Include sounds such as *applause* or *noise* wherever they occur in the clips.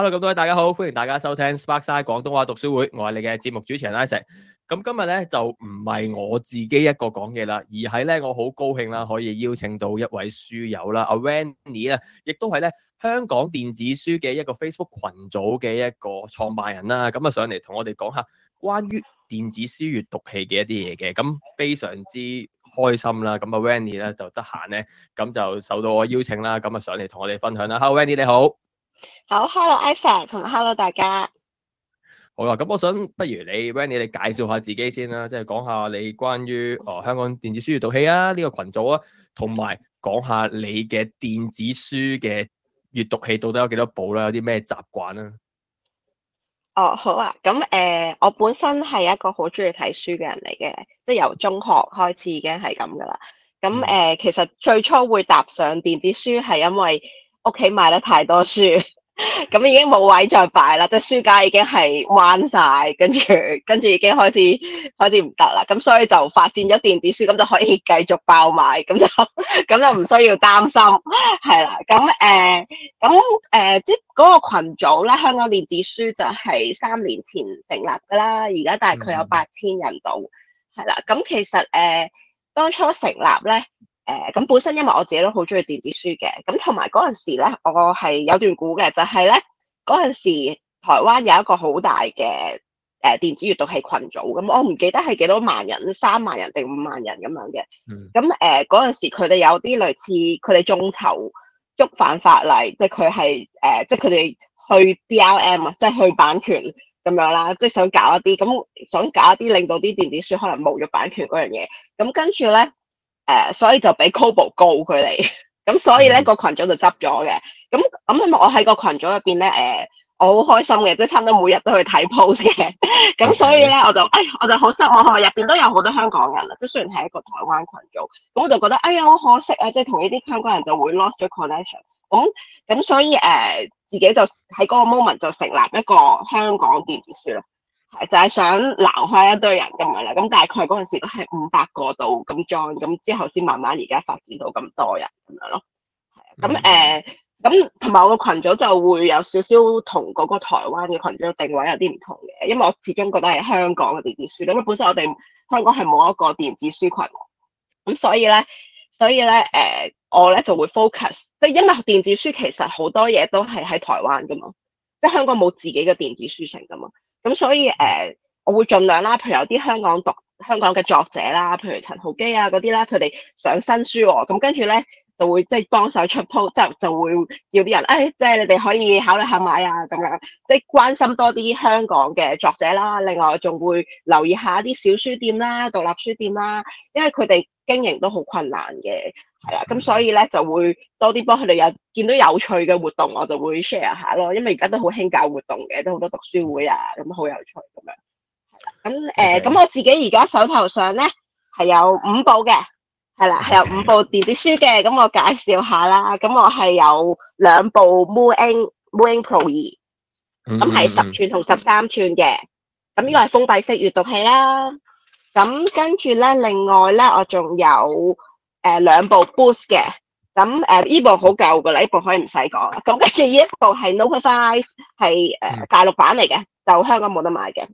hello，咁多位大家好，歡迎大家收聽 Sparksine、er, 廣東話讀書會，我係你嘅節目主持人 Ish。咁今日咧就唔係我自己一個講嘢啦，而係咧我好高興啦，可以邀請到一位書友啦，阿 Wenny 啊，亦都係咧香港電子書嘅一個 Facebook 群組嘅一個創辦人啦。咁啊上嚟同我哋講下關於電子書閱讀器嘅一啲嘢嘅，咁非常之開心啦。咁啊 Wenny 咧就得閒咧，咁就受到我邀請啦，咁啊上嚟同我哋分享啦。Hello，Wenny 你好。好，Hello Isa 同 Hello，大家。好啦，咁我想不如你，Wenny，你哋介紹下自己先啦，即係講下你關於誒、哦、香港電子書閱讀器啊呢、這個群組啊，同埋講下你嘅電子書嘅閱讀器到底有幾多部啦、啊，有啲咩習慣啊？哦，好啊，咁誒、呃，我本身係一個好中意睇書嘅人嚟嘅，即、就、係、是、由中學開始已經係咁噶啦。咁誒、呃，其實最初會踏上電子書係因為。屋企買得太多書，咁 *laughs* 已經冇位再擺啦，即係書架已經係彎晒，跟住跟住已經開始開始唔得啦，咁所以就發展咗電子書，咁就可以繼續爆買，咁就咁就唔需要擔心，係啦。咁誒，咁、呃、誒，即係嗰個羣組咧，香港電子書就係三年前成立噶啦，而家大概有八千人度，係啦。咁其實誒、呃，當初成立咧。誒咁、呃嗯、本身，因為我自己都好中意電子書嘅，咁同埋嗰陣時咧，我係有段估嘅，就係咧，嗰陣時台灣有一個好大嘅誒、呃、電子閱讀器群組，咁、嗯、我唔記得係幾多萬人，三萬人定五萬人咁樣嘅。咁誒，嗰陣時佢哋有啲類似佢哋眾籌觸犯法例，即係佢係誒，即係佢哋去 DRM 啊，即係去版權咁樣啦，即係想搞一啲，咁想搞一啲令到啲電子書可能冇咗版權嗰樣嘢，咁、嗯、跟住咧。誒，所以就俾 Kobo 告佢哋，咁所以咧、個群組就執咗嘅。咁咁我喺個群組入邊咧，誒、呃，我好開心嘅，即係差唔多每日都去睇 post 嘅。咁 *laughs* 所以咧，我就誒、哎，我就好失望，入邊都有好多香港人啦，即係雖然係一個台灣群組，咁我就覺得，哎呀，好可惜啊！即係同呢啲香港人就會 lost 咗 connection、嗯。咁咁，所以誒、呃，自己就喺嗰個 moment 就成立一個香港電子書啦。係就係想撈開一堆人咁樣啦，咁大概嗰陣時都係五百個度咁 join，咁之後先慢慢而家發展到咁多人咁樣咯。咁誒，咁同埋我個群組就會有少少同嗰個台灣嘅群組定位有啲唔同嘅，因為我始終覺得係香港嘅電子書，因為本身我哋香港係冇一個電子書群，咁所以咧，所以咧，誒、呃，我咧就會 focus，即係因為電子書其實好多嘢,都係喺台灣噶嘛，即係香港冇自己嘅電子書城噶嘛。咁所以誒，uh, 我會盡量啦。譬如有啲香港讀香港嘅作者啦，譬如陳浩基啊嗰啲啦，佢哋上新書喎。咁跟住咧就會即係、就是、幫手出 p o 即就會叫啲人誒，即、哎、係、就是、你哋可以考慮下買啊咁樣，即係關心多啲香港嘅作者啦。另外仲會留意一下一啲小書店啦、獨立書店啦，因為佢哋經營都好困難嘅。係啦，咁所以咧就會多啲幫佢哋，有見到有趣嘅活動，我就會 share 下咯。因為而家都好興搞活動嘅，都好多讀書會啊，咁好有趣咁樣。係啦，咁誒，咁、呃、Okay. 我自己而家手頭上咧係有五部嘅，係啦，係有五部電子書嘅。咁我介紹下啦，咁我係有兩部 mooInk mooInk Pro 二，咁係十寸同十三寸嘅。咁呢個係封閉式閱讀器啦。咁跟住咧，另外咧，我仲有。誒，兩、呃、部 Boox 嘅，咁誒呢部好舊嘅，呢部可以唔使講，咁跟住呢一部係 Nova 5，係誒、呃嗯、大陸版嚟嘅，就香港冇得買嘅，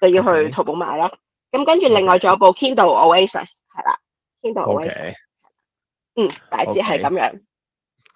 就要去淘寶買咯。咁跟住另外仲有部 Kindle Oasis 係啦 Okay.，Kindle Oasis，Okay. 嗯大致係咁樣。Okay.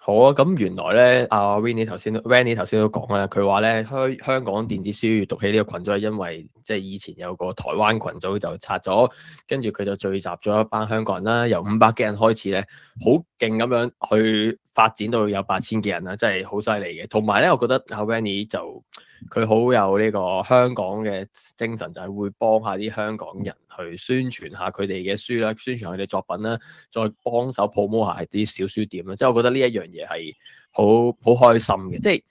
好、嗯、啊，咁原來咧，阿 Wenny 頭先 Wenny 頭先都講咧，佢話咧香香港電子書閱讀器呢個群組係因為即係以前有個台灣群組就拆咗，跟住佢就聚集咗一班香港人啦，由五百幾人開始咧，好勁咁樣去發展到有八千幾人啦，真係好犀利嘅。同埋咧，我覺得阿、啊、Wenny 就。佢好有呢個香港嘅精神，就係會幫下啲香港人去宣傳下佢哋嘅書啦，宣傳佢哋作品啦，再幫手 promo 下啲小書店啦。即係我覺得呢一樣嘢係好好開心嘅。即係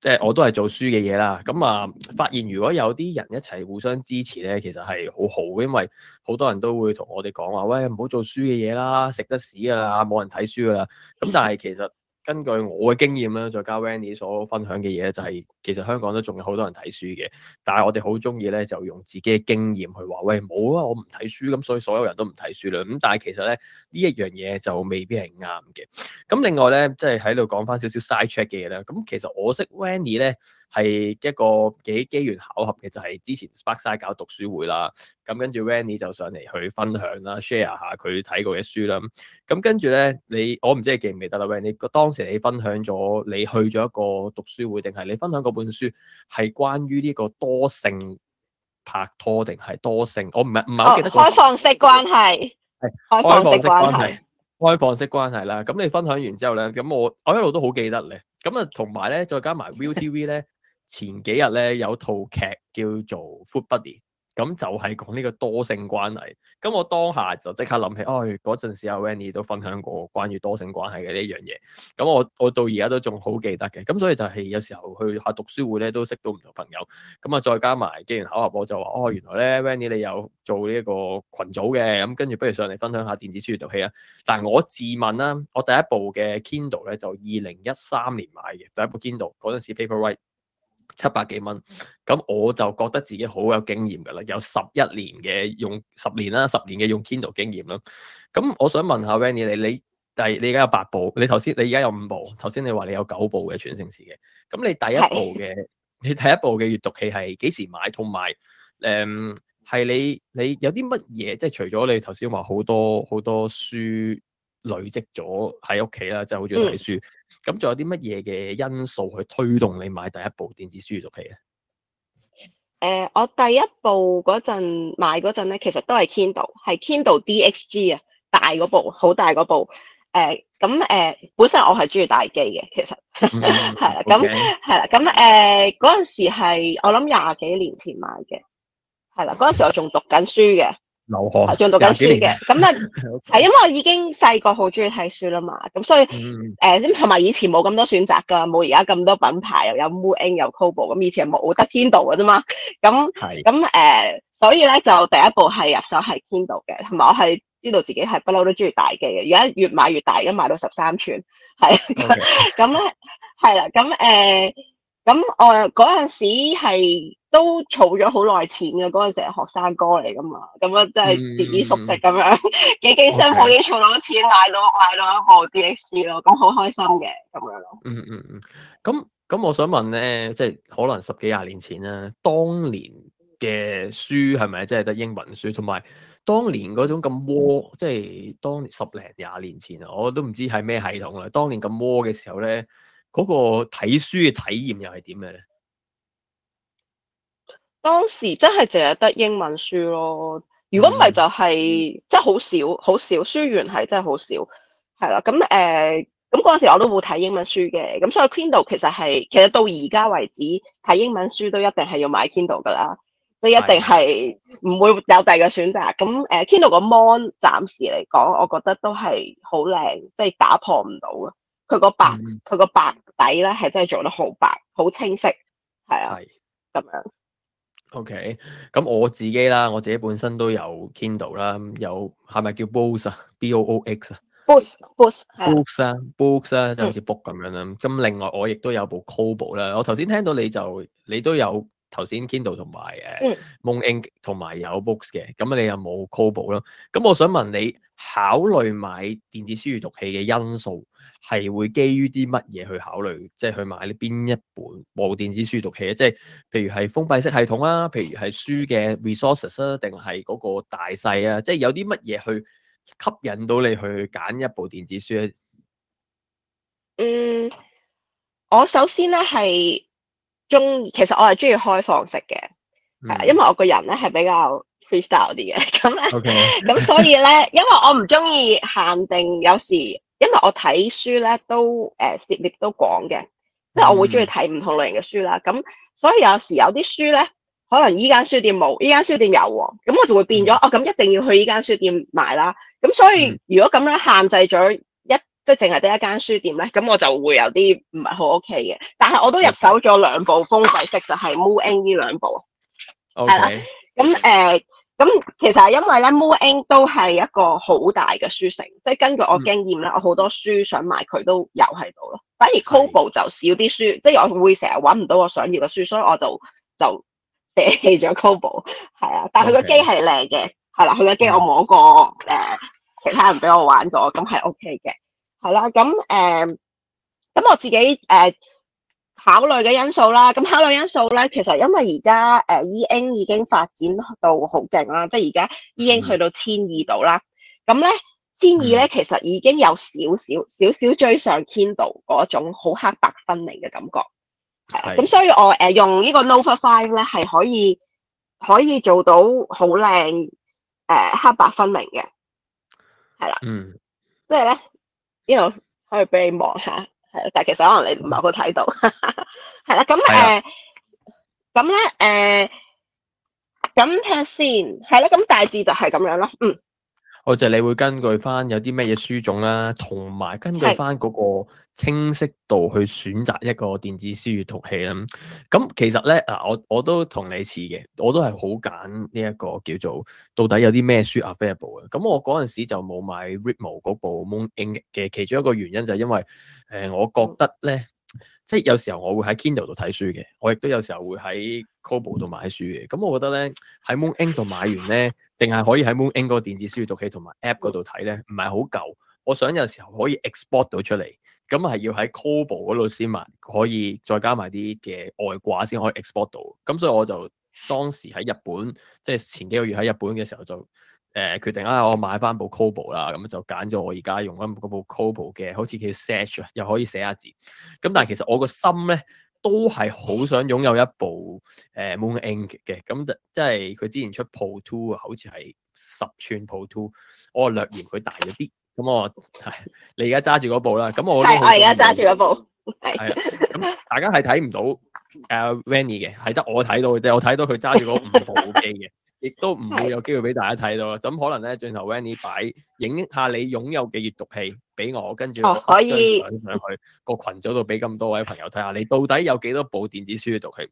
即係我都係做書嘅嘢啦。咁啊，發現如果有啲人一齊互相支持咧，其實係好好嘅，因為好多人都會同我哋講話，喂，唔好做書嘅嘢啦，食得屎㗎啦，冇人睇書㗎啦。咁但係其實。根據我嘅經驗咧，再加 Wenny 所分享嘅嘢咧，就係其實香港都仲有好多人睇書嘅，但係我哋好中意咧就用自己嘅經驗去話，喂，冇啊，我唔睇書，咁所以所有人都唔睇書啦。咁但係其實咧呢一樣嘢就未必係啱嘅。咁另外咧即係喺度講翻少少 side check 嘅嘢啦。咁其實我識 Wenny 咧。係一個幾機緣巧合嘅，就係、是、之前 Sparksine 搞讀書會啦，咁跟住 Wenny 就上嚟去分享啦，share 下佢睇過嘅書啦。咁跟住咧，你我唔知你記唔記得啦 Wenny 當時你分享咗你去咗一個讀書會，定係你分享嗰本書係關於呢個多性拍拖定係多性？我唔係唔係好記得。哦、開放式關係。係開放式關係。開放式關係啦。咁你分享完之後咧，咁我我一路都好記得你。咁啊，同埋咧，再加埋 ViuTV 咧。 *laughs* 前幾日咧有套劇叫做《Food Bunny》，咁就係講呢個多性關係。咁我當下就即刻諗起，哎嗰陣時阿 Wenny 都分享過關於多性關係嘅呢樣嘢。咁我我到而家都仲好記得嘅。咁所以就係有時候去下讀書會咧，都識到唔同朋友。咁啊，再加埋機緣巧合，我就話哦，原來咧 Wenny 你有做呢一個群組嘅。咁跟住不如上嚟分享下電子書閱讀器啊。但係我自問啦、啊，我第一部嘅 Kindle 咧就二零一三年買嘅第一部 Kindle，嗰陣時 Paperwhite。七百幾蚊，咁我就覺得自己好有經驗㗎啦，有十一年嘅用十年啦，十年嘅用 Kindle 經驗啦。咁我想問下 Wenny 你，你第你而家有八部，你頭先你而家有五部，頭先你話你有九部嘅全城市嘅。咁你第一部嘅， *laughs* 你第一部嘅閲讀器係幾時買？同埋誒，係、嗯、你你有啲乜嘢？即係除咗你頭先話好多好多書。累積咗喺屋企啦，真係好中意睇書。咁仲、嗯、有啲乜嘢嘅因素去推動你買第一部電子書閱讀器咧？誒、呃，我第一部嗰陣買嗰陣咧，其實都係 Kindle，係 Kindle DXG 啊，大嗰部，好大嗰部。誒、呃，咁、呃、誒，本身我係中意大機嘅，其實係啦，咁係啦，咁誒 *laughs* 的，嗰陣 okay.、呃、時係我諗廿幾年前買嘅，係啦，嗰陣時我仲讀緊書嘅。留學仲讀緊書嘅，咁啊係，就 *laughs* 因為我已經細個好中意睇書啦嘛，咁所以誒，同埋、嗯呃、以前冇咁多選擇噶，冇而家咁多品牌，又有 Moon，又有 Kobo，咁以前係冇得 Kindle 嘅啫嘛，咁係，咁誒是、呃，所以咧就第一步係入手係 Kindle 嘅，同埋我係知道自己係不嬲都中意大機嘅，而家越買越大，而家買到十三寸，係咁咧，係啦 *laughs* Okay. *laughs* 咁誒。咁我嗰陣時係都儲咗好耐錢嘅，嗰陣時係學生哥嚟噶嘛，咁啊真係節衣縮食。咁樣、嗯嗯、幾幾辛苦先儲到錢、嗯、買到買到一部 DX 咯，咁好開心嘅咁樣咯、嗯。嗯嗯嗯，咁、嗯、咁我想問咧，即係可能十幾廿年前啦，當年嘅書係咪真係得英文書，同埋當年嗰種咁窩，嗯、即係當年十零廿年前啊，我都唔知係咩系統啦。當年咁窩嘅時候咧？嗰個睇書嘅體驗又係點嘅咧？當時真係淨係得英文書咯，如果唔係就係即係好少，好少書源係真係好少，係啦。咁誒，咁嗰陣時我都會睇英文書嘅，咁所以 Kindle 其實係其實到而家為止睇英文書都一定係要買 Kindle 㗎喇，即係一定係唔會有第二個選擇。咁誒，Kindle 個 mon 暫時嚟講，我覺得都係好靚，即係打破唔到咯。佢個白，佢個白底咧，係真係做得好白好清晰，係啊咁是樣。OK，咁我自己啦，我自己本身都有 Kindle 啦，有係咪叫 Boox 啊？Boox 啊。b o o s b o o x b o o x 啊，Boox Bo 啊，即係好似 book 咁樣啦。咁、嗯、另外我亦都有部 Kobo 啦。我頭先聽到你就你都有頭先 Kindle 同埋誒、uh, Moon Ink 同埋有、嗯、有，有 Boox 嘅，咁你又冇 Kobo 咯？咁我想問你。考慮買電子書閱讀器嘅因素，係會基於啲乜嘢去考慮？即係去買呢邊一本部電子書閱讀器咧？即係譬如係封閉式系統啊，譬如係書嘅 resources 啊，定係嗰個大細啊？即係有啲乜嘢去吸引到你去揀一部電子書咧、啊？嗯，我首先咧係中，其實我係中意開放式嘅，係因為我個人咧係比較。freestyle 啲嘅，咁咧，咁所以咧，Okay. *laughs* 因為我唔中意限定，有時因為我睇書咧都誒、呃、涉獵都廣嘅，即係我會中意睇唔同類型嘅書啦。咁所以有時有啲書咧，可能依間書店冇，依間書店有喎，咁我就會變咗 *noise* 哦。咁一定要去依間書店買啦。咁所以如果咁樣限制咗一，即係淨係得一間書店咧，咁我就會有啲唔係好 OK 嘅。但係我都入手咗兩部封閉式，就係、是、mooInk 呢兩部，係啦 Okay.。咁誒，咁、呃、其實係因為咧 Moovink 都係一個好大嘅書城，即係根據我經驗咧，我好多書想買佢都有喺度咯。反而 Kobo 就少啲書，的即係我會成日揾唔到我想要嘅書，所以我就就捨棄咗 Kobo。係啊， *laughs* 但係佢個機係靚嘅，係啦，佢個機我摸過誒、呃，其他人俾我玩過，咁係 OK 嘅。係啦，咁、嗯、誒，咁、呃、我自己誒。呃考慮嘅因素啦，咁考慮因素咧，其實因為而家誒 EN 已經發展到好勁啦，即係而家 EN 去到千二度啦，咁咧千二咧其實已經有少少少少追上千度嗰種好黑白分明嘅感覺，係咁是、啊、所以我誒、呃、用呢個 Nova Five 咧係可以可以做到好靚誒黑白分明嘅，係啦，嗯，即係咧，呢度可以俾你望下。係但係其實可能你唔係好睇到，係 *laughs* 啦，咁誒，咁咧誒，咁聽、呃呃、先，係啦，咁大致就係咁樣咯，嗯。我就係你會根據翻有啲咩嘢書種啦，同埋根據翻、那、嗰個。清晰度去選擇一個電子書閱讀器啦，咁其實咧，嗱我我都同你似嘅，我都係好揀呢一個叫做到底有啲咩書 available 嘅。咁我嗰陣時就冇買 Readmoo 嗰部 mooInk 嘅其中一個原因就係因為，誒、呃、我覺得咧，即係有時候我會喺 Kindle 度睇書嘅，我亦都有時候會喺 Kobo 度買書嘅。咁我覺得咧喺 mooInk 度買完咧，淨係可以喺 mooInk 嗰個電子書閱讀器同埋 App 嗰度睇咧，唔係好夠。我想有時候可以 export 到出嚟。咁係要喺 Kobo 嗰度先買，可以再加埋啲嘅外掛先可以 export 到。咁所以我就當時喺日本，即、就、係、是、前幾個月喺日本嘅時候就誒、呃、決定啊，我買翻部 Kobo 啦。咁就揀咗我而家用緊部 Kobo 嘅，好似叫 Sage，又可以寫下字。咁但係其實我個心咧都係好想擁有一部誒、呃、mooInk 嘅。咁即係佢之前出 Pro Two 啊，2，好似係十寸 Pro Two，我略嫌佢大咗啲。咁我係你而家揸住嗰部啦，咁我我而家揸住嗰部係。咁的 *laughs* 大家係睇唔到誒，Wenny 嘅係得我睇到嘅啫，我睇到佢揸住嗰五部機嘅，亦都唔會有機會俾大家睇到啦。咁的可能咧，轉頭 Wenny 擺影下你擁有嘅閱讀器俾我，跟住、哦、可以，上去個群組度俾咁多位朋友睇下，看看你到底有幾多部電子書閱讀器。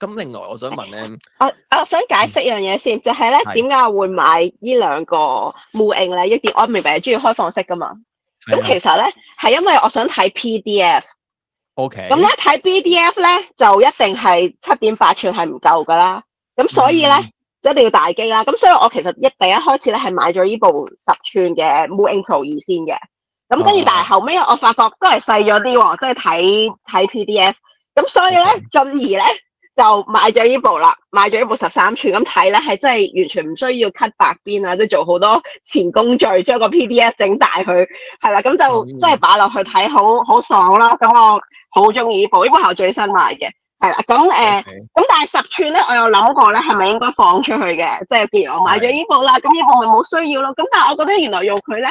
咁另外，我想問咧，我我想解釋一樣嘢先，就係咧，點解會買呢兩個 mooInk 咧？一啲我明明係中意開放式噶嘛。咁的其實咧，係因為我想睇 PDF Okay。O K。咁一睇 PDF 咧，就一定係七點八寸係唔夠噶啦。咁所以咧，嗯、就一定要大機啦。咁所以我其實一第一開始咧，係買咗依部十寸嘅 mooInk Pro 二先嘅。咁跟住，哦、但係後尾我發覺都係細咗啲喎，即係睇睇 PDF。咁 PD 所以咧，進 Okay 而咧。就買咗依部啦，買咗依部十三寸咁睇咧，係真係完全唔需要 cut 白邊啊，即係做好多前工序將個 PDF 整大佢，係啦，咁就真係擺落去睇好好爽啦。咁我好中意呢部，呢部係我最新買嘅，係啦。咁誒，咁、呃、Okay. 但係十寸咧，我有諗過咧，係咪應該放出去嘅？即係譬如我買咗依部啦，咁呢部咪冇需要咯。咁但係我覺得原來用佢咧，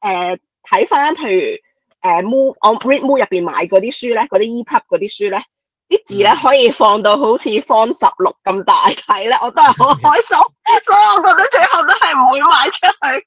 誒睇翻譬如誒、呃、Move 我 Readmoo 入邊買嗰啲書咧，嗰啲 EPUB 嗰啲書咧。啲字咧可以放到好似方十六咁大體咧，我都係好開心， *laughs* 所以我覺得最後都係唔會賣出去，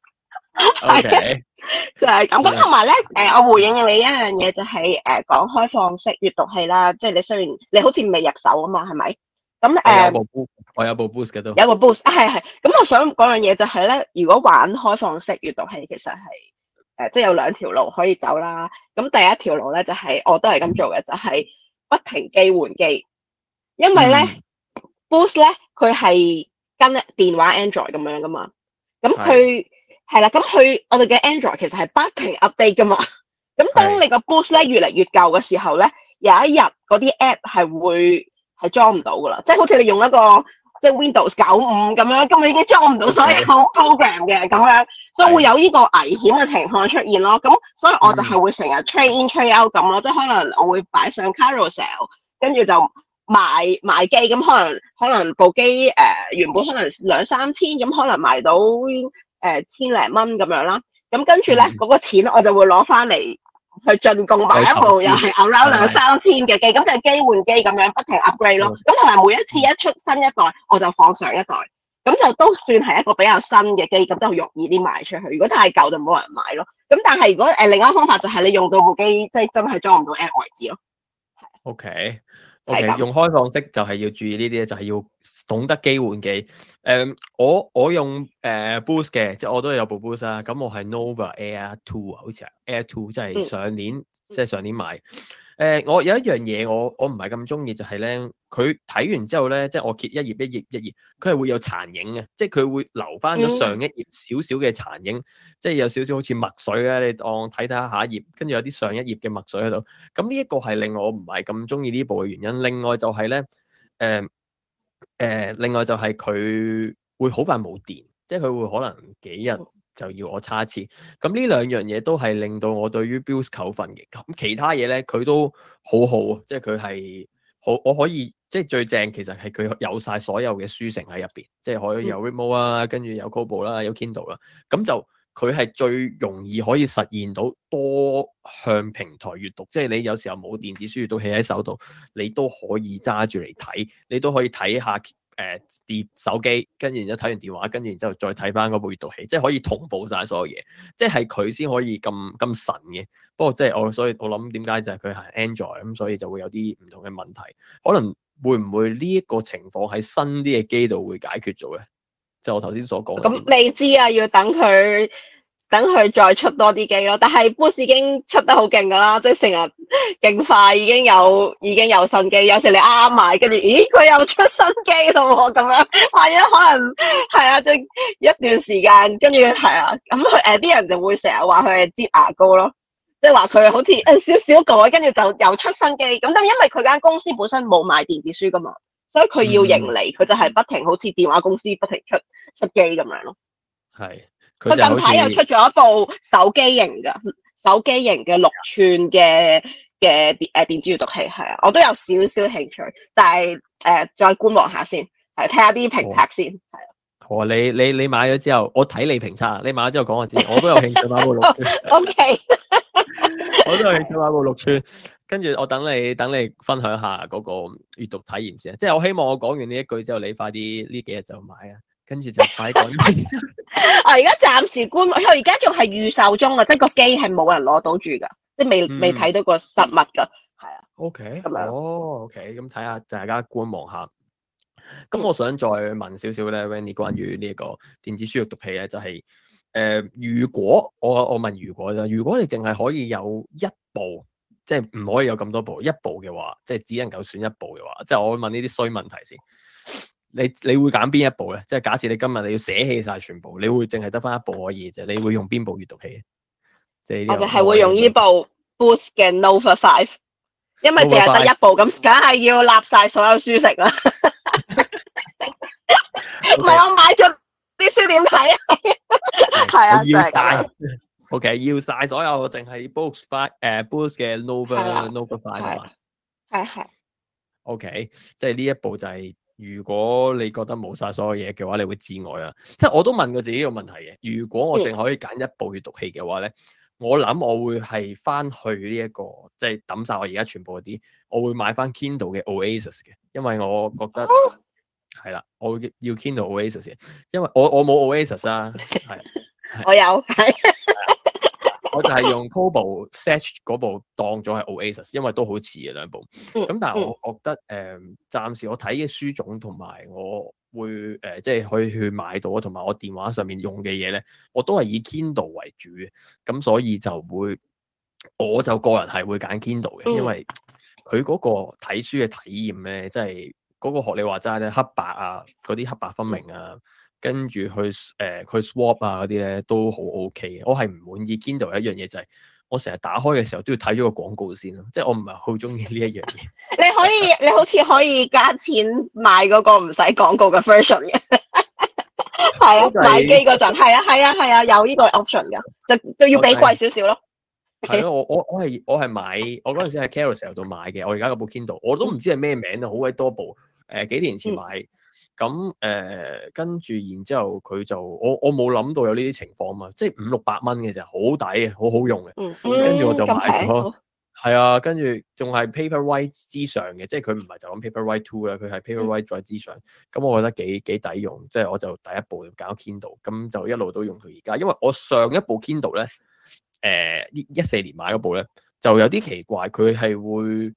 係 *laughs* Okay. *laughs* 就係咁。咁同埋咧，誒，我回應你一樣嘢就係，誒，講開放式閱讀器啦，就是，即係你雖然你好似未入手啊嘛，係咪？咁誒，我有部 Boox，我有部 Boox 嘅都。有個 Boox 啊，係係、啊。咁我想講樣嘢就係、是、咧，如果玩開放式閱讀器，其實係誒，即係有兩條路可以走啦。咁第一條路咧就係、是，我都係咁做嘅，就係、是。不停機換機，因為咧、嗯、，Boox 咧佢係跟電話 Android 咁樣噶嘛，咁佢係啦，咁佢、嗯、我哋嘅 Android 其實係不停 update 噶嘛，咁、嗯、當你個 Boox 咧越嚟越舊嘅時候咧，有一日嗰啲 App 係會係裝唔到噶啦，即係好似你用一個。即係 Windows 九五咁樣，咁我已經裝唔到所有 program 嘅咁樣，的所以會有呢個危險嘅情況出現咯。咁的所以我就係會成日 train in、嗯、train out 咁咯，即係可能我會擺上 carousel，跟住就賣賣機咁，可能可能部機誒、呃、原本可能兩三千，咁可能賣到誒、呃、千零蚊咁樣啦。咁跟住咧，嗰個錢我就會攞翻嚟。去進貢，買一部又係 around 兩三千嘅機，咁的就機換機咁樣不停 upgrade 咯。咁同埋每一次一出新一代，我就放上一代，咁就都算係一個比較新嘅機，咁都好容易啲賣出去。如果太舊就冇人買咯。咁但係如果誒、呃、另一個方法就係你用到部機，即、就、係、是、真係裝唔到 AirPods 咯。OK。o、okay, 用開放式就係要注意呢啲咧，就係、是、要懂得機換機。誒、um，我我用誒 Boox 嘅，即、就、係、是、我都係有部 Boox 啊。咁我係 Nova Air Two 好似係 Air Two，即係上年，即係、嗯、上年買。誒、呃，我有一樣嘢，我我唔係咁中意就係咧，佢睇完之後咧，即係我揭一頁一頁一頁，佢係會有殘影嘅，即係佢會留翻咗上一頁少少嘅殘影，即係有少少好似墨水嘅，你當睇睇下下一頁，跟住有啲上一頁嘅墨水喺度。咁呢一個係令我唔係咁中意呢部嘅原因。另外就係咧，誒、呃、誒、呃，另外就係佢會好快冇電，即係佢會可能幾日。就要我差一次，咁呢兩樣嘢都係令到我對於 Boox 扣分嘅。咁其他嘢咧，佢都好好，啊，即係佢係好，我可以即係最正。其實係佢有晒所有嘅書城喺入邊，即係可以有 Readmoo 啊，跟住有 Kobo 啦、啊，有 Kindle 啦、啊。咁就佢係最容易可以實現到多向平台閱讀。即係你有時候冇電子書，閱讀器喺手度，你都可以揸住嚟睇，你都可以睇下。誒，跌手機，跟住然之後睇完電話，跟住然之後再睇翻嗰個閱讀器，即係可以同步晒所有嘢，即係佢先可以咁咁神嘅。不過即係我，所以我諗點解就係佢係 Android，咁所以就會有啲唔同嘅問題，可能會唔會呢一個情況喺新啲嘅機度會解決咗咧？就我頭先所講。咁未知啊，要等佢。等佢再出多啲機咯，但係 Boox 已經出得好勁噶啦，即係成日勁快，已經有已經有新機，有時你啱買，跟住咦佢又出新機咯，咁樣，萬一可能係啊，即一段時間，跟住係啊，咁佢誒啲人就會成日話佢係擠牙膏咯，即係話佢好似誒少少改，跟住就又出新機，咁但因為佢間公司本身冇賣電子書噶嘛，所以佢要盈利，佢、嗯嗯、就係不停好似電話公司不停出出機咁樣咯，係。佢近排又出咗一部手機型嘅手機型嘅六寸嘅嘅電誒電子閱讀器，係啊，我都有少少興趣，但係誒、呃、再觀望下先，嚟睇下啲評測先，係啊、哦。的哦，你你你買咗之後，我睇你評測。你買咗之後講我知，我都有興趣買部六寸。OK，我都有興趣買部六寸，跟住我等你等你分享下嗰個閱讀體驗先，即係我希望我講完呢一句之後，你快啲呢幾日就買啊。跟住就擺港機。我而家暫時觀望，我而家仲係預售中啊，即係個機係冇人攞到住噶，即係未未睇到個實物噶，係啊、嗯。O K，咁樣哦。O K，咁睇下，大家觀望下。咁我想再問少少咧，Wenny 關於呢個電子書閱讀器咧，就係、是、誒、呃，如果我我問如果咧，如果你淨係可以有一部，即係唔可以有咁多部，一部嘅話，即、就、係、是、只能夠選一部嘅話，即、就、係、是、我會問呢啲衰問題先。你你會揀邊一部咧？即係假設你今日你要捨棄晒全部，你會淨係得翻一部可以啫？你會用邊部閲讀器？即我哋係會用呢部 Boox 嘅 Nova Five，因為淨係得一部，咁梗係要立晒所有書食啦。唔係我買咗啲書點睇啊？係啊，真係。O K 要晒所有，淨係 Boox Five 誒 Boox 嘅 Nova Nova Five。係係。O K，即係呢一部就係、是。如果你覺得冇晒所有嘢嘅話，你會之外啊，即係我都問過自己個問題嘅。如果我淨可以揀一部閱讀器嘅話咧，嗯、我諗我會係翻去呢、這、一個，即係抌晒我而家全部嗰啲，我會買翻 Kindle 嘅 Oasis 嘅，因為我覺得係啦、哦，我要 Kindle Oasis 先，因為我我冇 Oasis 啊，係 *laughs* 我有。 *laughs* *laughs* 我就係用 Kobo Search 嗰部當咗係 Oasis，因為都好似嘅兩部。咁但係我覺得誒、呃，暫時我睇嘅書種同埋我會誒，即、呃、係、就是、可以去買到同埋我電話上面用嘅嘢咧，我都係以 Kindle 為主嘅。咁所以就會，我就個人係會揀 Kindle 嘅，因為佢嗰個睇書嘅體驗咧，即係嗰個學你話齋咧，黑白啊，嗰啲黑白分明啊。跟住去誒，佢、呃、swap 啊嗰啲咧都好 OK 嘅。我係唔滿意 Kindle 一樣嘢就係，我成日打開嘅時候都要睇咗個廣告先咯。即係我唔係好中意呢一樣嘢。你可以 *laughs* 你好似可以加錢買嗰個唔使廣告嘅 version 嘅。係你 *laughs* 啊，買機嗰陣係啊係啊係啊，有呢個 option 嘅，就就要比貴少少咯。係咯，我我我係我係買我嗰陣時喺 Carousell 度買嘅。我而家有部 Kindle 我都唔知係咩名啊，好鬼多部誒、呃、幾年前買、嗯。咁誒，嗯嗯嗯、跟住然之後，佢就我我冇諗到有呢啲情況啊嘛，即係五六百蚊嘅就係好抵嘅，好好用嘅。嗯、跟住我就買咗，係啊，跟住仲係 Paperwhite 之上嘅，即係佢唔係就咁 Paperwhite Two 啦，佢係 Paperwhite 再之上。咁我覺得幾幾抵用，即係我就第一步要搞 Kindle，咁就一路都用到而家。因為我上一部 Kindle 咧，誒、呃，一四年買嗰部咧，就有啲奇怪，佢係會。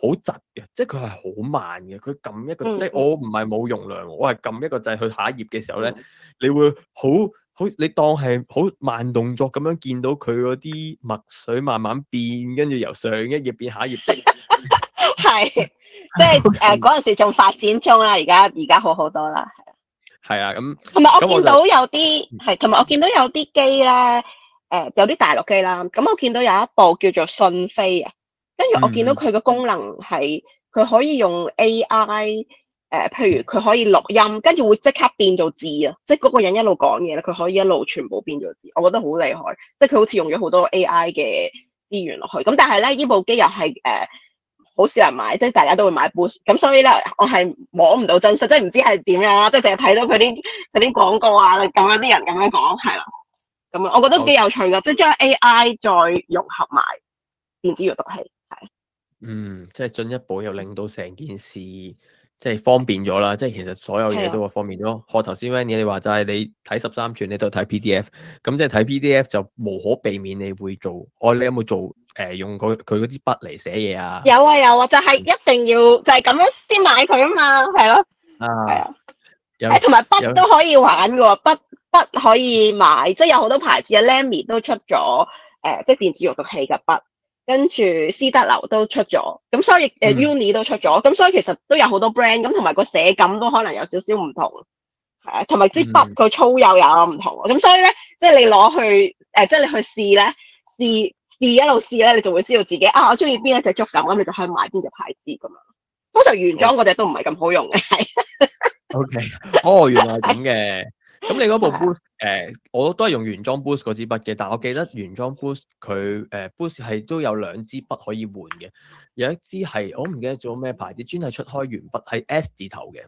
好窒嘅，即係佢係好慢嘅。佢撳一個，嗯、即係我唔係冇容量，我係撳一個掣去下一頁嘅時候咧、嗯，你會好好你當係好慢動作咁樣見到佢嗰啲墨水慢慢變，跟住由上一頁變下一頁。係 *laughs* 是， *laughs* 即係誒嗰陣時仲發展中啦，而家而家好好多啦。係啊，係啊，咁同埋我見到，到有啲係，同埋、嗯、我見到有啲機咧，誒、呃、有啲大陸機啦。咁我見到有一部叫做訊飛啊。跟住我見到佢嘅功能係，佢可以用 A.I. 誒、呃，譬如佢可以錄音，跟住會即刻變做字啊！即係嗰個人一路講嘢咧，佢可以一路全部變咗字，我覺得好厲害。即係佢好似用咗好多 A.I. 嘅資源落去，咁但係咧，呢部機又係誒好少人買，即係大家都會買 Boox，咁所以咧，我係摸唔到真實，即係唔知係點樣啦，即係淨係睇到佢啲佢啲廣告啊，咁樣啲人咁樣講，係啦，咁樣我覺得幾有趣㗎，的即係將 A.I. 再融合埋電子閱讀器。嗯，即係進一步又令到成件事即係方便咗啦，即係其實所有嘢都會方便咗。我頭先 Wenny 你話就係你睇十三寸，你都睇 PDF，咁即係睇 PDF 就無可避免你會做。我、哦、你有冇做誒、呃、用佢佢嗰支筆嚟寫嘢啊？有啊有啊，就係、是、一定要就係咁樣先買佢啊嘛，係咯，係啊。誒，同埋筆都可以玩嘅喎，筆筆可，可以買，即係有好多牌子啊，Lamy 都出咗誒、呃，即係電子閱讀器嘅筆。跟住斯德流都出咗，咁所以誒、嗯 uh, Uni 都出咗，咁所以其實都有好多 brand，咁同埋個寫感都可能有少少唔同，係啊，同埋啲筆個粗幼又有唔、嗯、同，咁所以咧，即係你攞去誒、呃，即係你去試咧，試試一路試咧，你就會知道自己啊，我中意邊一隻觸感，咁你就可以買邊隻牌子噶嘛。通常原裝嗰隻都唔係咁好用嘅。嗯、 *laughs* o、okay, K，哦，原來係咁嘅。 *laughs* 咁、嗯、你嗰部 Boox，誒、呃、我都係用原裝 Boox 嗰支筆嘅，但係我記得原裝 Boox 佢誒、呃、Boox 係都有兩支筆可以換嘅，有一支係我唔記得咗咩牌子，專係出開鉛筆，係 S 字頭嘅。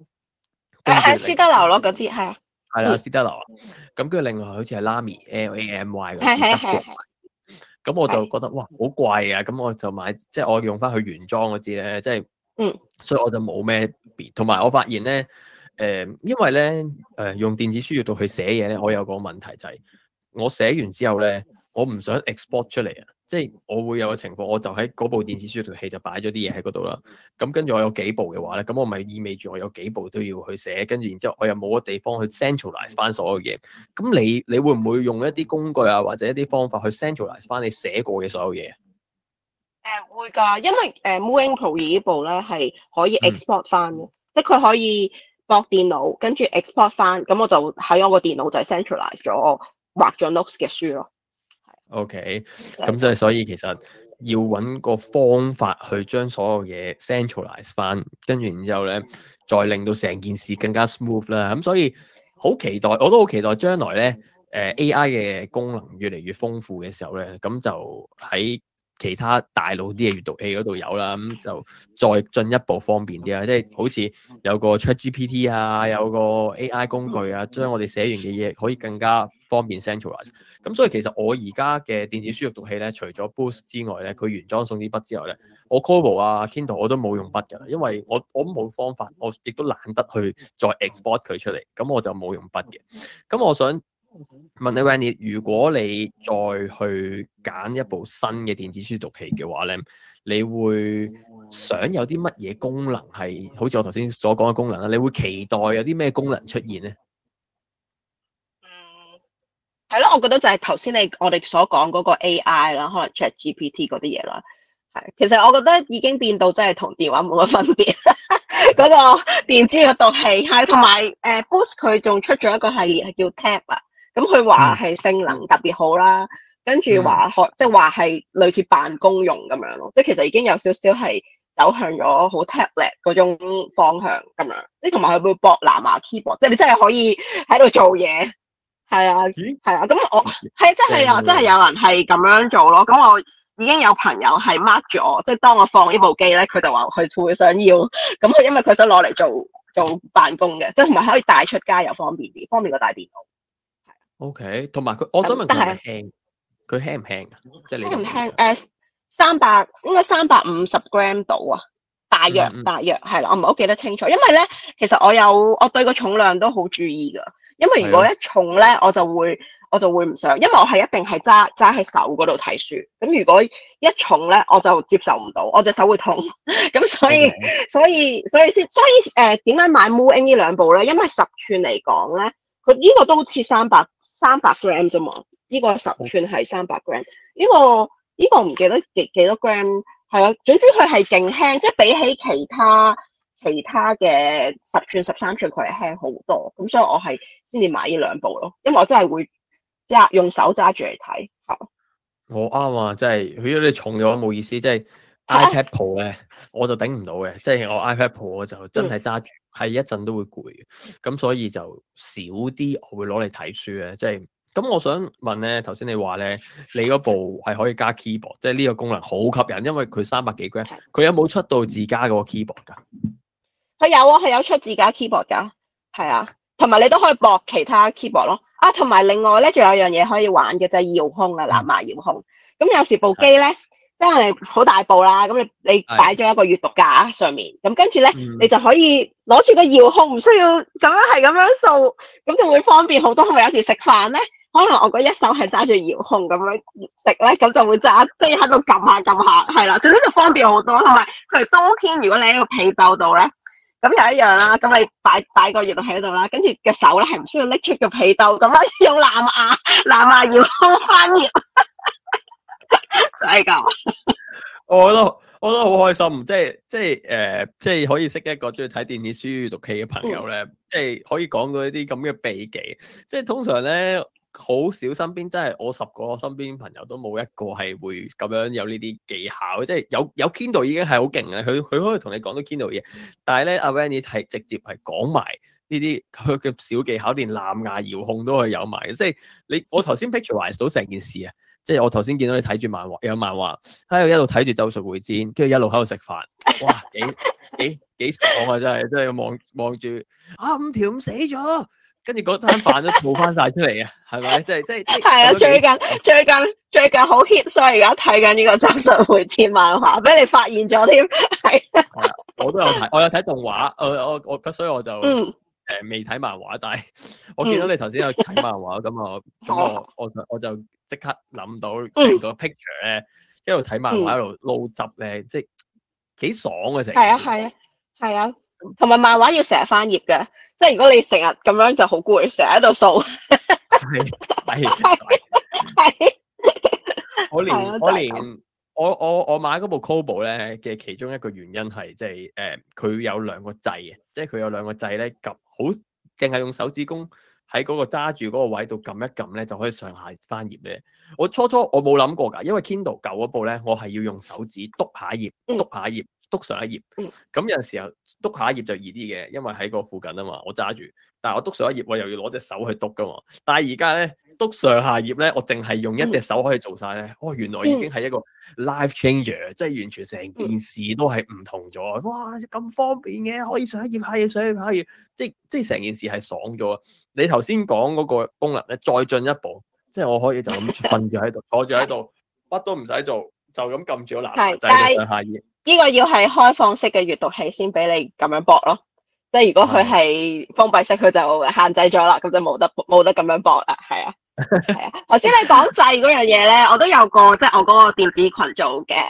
係施德樓咯，嗰支係啊。係啦，施德樓。咁跟住另外好似係 Lamy，L A M Y 嗰支。係係係。咁我就覺得哇，好貴啊！咁我就買，即係我用翻佢原裝嗰支咧，即係嗯，所以我就冇咩變。同埋我發現咧。誒，因為咧，誒、呃、用電子書入度去寫嘢咧，我有個問題就係、是，我寫完之後咧，我唔想 export 出嚟啊，即係我會有個情況，我就喺嗰部電子書閱讀器就擺咗啲嘢喺嗰度啦。咁跟住我有幾部嘅話咧，咁我咪意味住我有幾部都要去寫，跟住然之後我又冇地方去 centralize 翻所有嘢。咁你你會唔會用一啲工具啊，或者一啲方法去 centralize 翻你寫過嘅所有嘢？誒、嗯、會㗎，因為誒 mooInk Pro 依部咧係可以 export 翻嘅，嗯、即係佢可以。博電腦，跟住 export 翻，咁我就喺我個電腦就 centralize 咗畫咗 notes 嘅書咯。O K，咁即係所以其實要搵個方法去將所有嘢 centralize 翻，跟住然之後咧再令到成件事更加 smooth 啦。咁所以好期待，我都好期待將來咧，誒、呃、A I 嘅功能越嚟越豐富嘅時候咧，咁就喺。其他大路啲嘅閱讀器嗰度有啦，咁就再進一步方便啲啦，即係好似有個 ChatGPT 啊，有個 AI 工具啊，將我哋寫完嘅嘢可以更加方便 centralize。咁所以其實我而家嘅電子書閱讀器咧，除咗 Boox 之外咧，佢原裝送啲筆之外咧，我 Kobo 啊 Kindle 我都冇用筆㗎喇，因為我我冇方法，我亦都懶得去再 export 佢出嚟，咁我就冇用筆嘅。咁我想問你 Wenny 如果你再去揀一部新嘅電子書讀器嘅話咧，你會想有啲乜嘢功能係好似我頭先所講嘅功能咧？你會期待有啲咩功能出現咧？嗯，係咯，我覺得就係頭先你我哋所講嗰個 A.I. 啦，可能 ChatGPT 嗰啲嘢啦，係，其實我覺得已經變到真係同電話冇乜分別，嗰 *laughs* 個電子嘅讀器，係同埋誒 Boox 佢仲出咗一個系列係叫 Tab 啊。咁佢話係性能特別好啦，跟住話可即係話係類似辦公用咁樣咯，即係其實已經有少少係走向咗好 tablet 嗰種方向咁樣。即係同埋佢會駁藍牙 keyboard，即係你真係可以喺度做嘢。係啊，係啊。咁我係、啊、真係有，即係、嗯、有人係咁樣做咯。咁我已經有朋友係 mark 咗，即係當我放呢部機咧，佢就話佢會想要。咁佢因為佢想攞嚟做做辦公嘅，即係同埋可以帶出街又方便啲，方便過大電腦。O K，同埋佢，okay, 是我想問，輕輕但係是輕，佢輕唔輕啊？即係輕唔輕？誒、呃，三百應該三百五十 gram 度啊，大約嗯嗯大約係啦，我唔係好記得清楚。因為咧，其實我有我對個重量都好注意噶，因為如果一重咧，我就會我就會唔想，因為我係一定係揸揸喺手嗰度睇書。咁如果一重咧，我就接受唔到，我隻手會痛。咁 *laughs* 所以 Okay. 所以所以先所以誒，點解、呃、買 mooInk 呢兩部咧？因為十寸嚟講咧，佢呢個都好似三百。三百 gram 啫嘛，呢、呢個十寸係三百 gram，呢個呢、呢個唔記得幾幾多 gram，係啊，總之佢係勁輕，即係比起其他其他嘅十寸十三寸佢係輕好多，咁所以我係先至買呢兩部咯，因為我真係會揸用手揸住嚟睇，我啱啊，真係，如、呃、果你重咗，冇意思，即係 iPad Pro 咧、啊，我就頂唔到嘅，即係我 iPad Pro 我就真係揸住。嗯係一陣都會攰嘅，咁所以就少啲我會攞嚟睇書咧。即係咁，我想問咧，頭先你話咧，你嗰部係可以加 keyboard，即係呢個功能好吸引，因為佢三百幾 gram，佢有冇出到自家嗰個 keyboard 噶？佢有啊，係有出自家 keyboard 噶，係啊，同埋你都可以駁其他 keyboard 咯。啊，同埋另外咧，仲有樣嘢可以玩嘅就係、是、遙控啊，藍牙遙控。咁是的 有時部機咧。真係好大部啦，咁你你擺咗一個閱讀架上面，咁跟住咧，嗯、你就可以攞住個遙控，唔需要咁樣係咁樣掃，咁就會方便好多。係咪有時食飯咧，可能我嗰一手係揸住遙控咁樣食咧，咁就會揸即係喺度撳下撳下，係啦，總之就方便好多，係咪？佢冬天如果你喺個被斗度咧，咁又一樣啦。咁你擺擺個閱讀喺度啦，跟住隻手咧係唔需要拎出個被斗，咁啊用藍牙藍牙遙控翻頁。 *laughs* 真係噶，我都我都好開心，即係即係誒，即係可以識一個中意睇電子書、讀劇嘅朋友咧，即係可以講到一啲咁嘅秘技。即係通常咧，好少身邊，即係我十個身邊朋友都冇一個係會咁樣有呢啲技巧。即係有有 Kindle 已經係好勁嘅，佢佢可以同你講到 Kindle 嘢，但係咧阿 Wenny 係直接係講埋呢啲佢嘅小技巧，連藍牙遙控都可以有埋，即係你我頭先 pictureize 到成件事啊！即係我頭先見到你睇住漫畫，有漫畫喺度一路睇住《咒術迴戰》，跟住一路喺度食飯，哇！幾幾幾爽啊！真係真係望望住啊五條悟死咗，跟住嗰餐飯都吐翻晒出嚟嘅，係咪？ *laughs* 即係即係係啊！最近最近最近好 hit，所以而家睇緊呢個《咒術迴戰》漫畫，俾你發現咗添。係， *laughs* 我都有睇，我有睇動畫，我我我，所以我就、嗯誒，未睇漫畫，但係我見到你頭先有睇漫畫，咁、嗯、我咁 *laughs* 我我我就即刻諗到成個 picture 咧，一路睇漫畫一路撈集咧，即係幾爽嘅成。係啊係啊係啊。同埋漫畫要成日翻頁嘅，即係如果你成日咁樣就好攰，成日喺度掃。我連我連我我我買嗰部 Kobo 咧嘅其中一個原因係即係誒，佢有兩個掣嘅，即係佢有兩個掣咧好，淨係用手指公喺嗰個揸住嗰個位度撳一撳咧，就可以上下翻頁咧。我初初我冇諗過㗎，因為 Kindle 舊嗰部咧，我係要用手指篤下一頁、篤下一頁、篤上一頁。咁有陣時候篤下一頁就易啲嘅，因為喺個附近啊嘛，我揸住。但係我篤上一頁，我又要攞隻手去篤㗎嘛。但係而家咧。篤上下頁咧，我淨係用一隻手可以做晒咧。嗯、哦，原來已經係一個 life changer、嗯、即係完全成件事都係唔同咗。哇，咁方便嘅，可以上一頁，下頁，上一頁，下頁。即係即係成件事係爽咗啊！你頭先講嗰個功能咧，再進一步，即係我可以就咁瞓住喺度， *laughs* 坐住喺度，乜都唔使做，就咁撳住個藍掣，上下頁。呢、這個要係開放式嘅閱讀器先俾你咁樣博咯。即係如果佢係封閉式，佢就限制咗啦，咁就冇得冇得咁樣博啦。係啊。係啊，頭先 *laughs* 你講掣嗰樣嘢咧，我都有個即係我嗰個電子群組嘅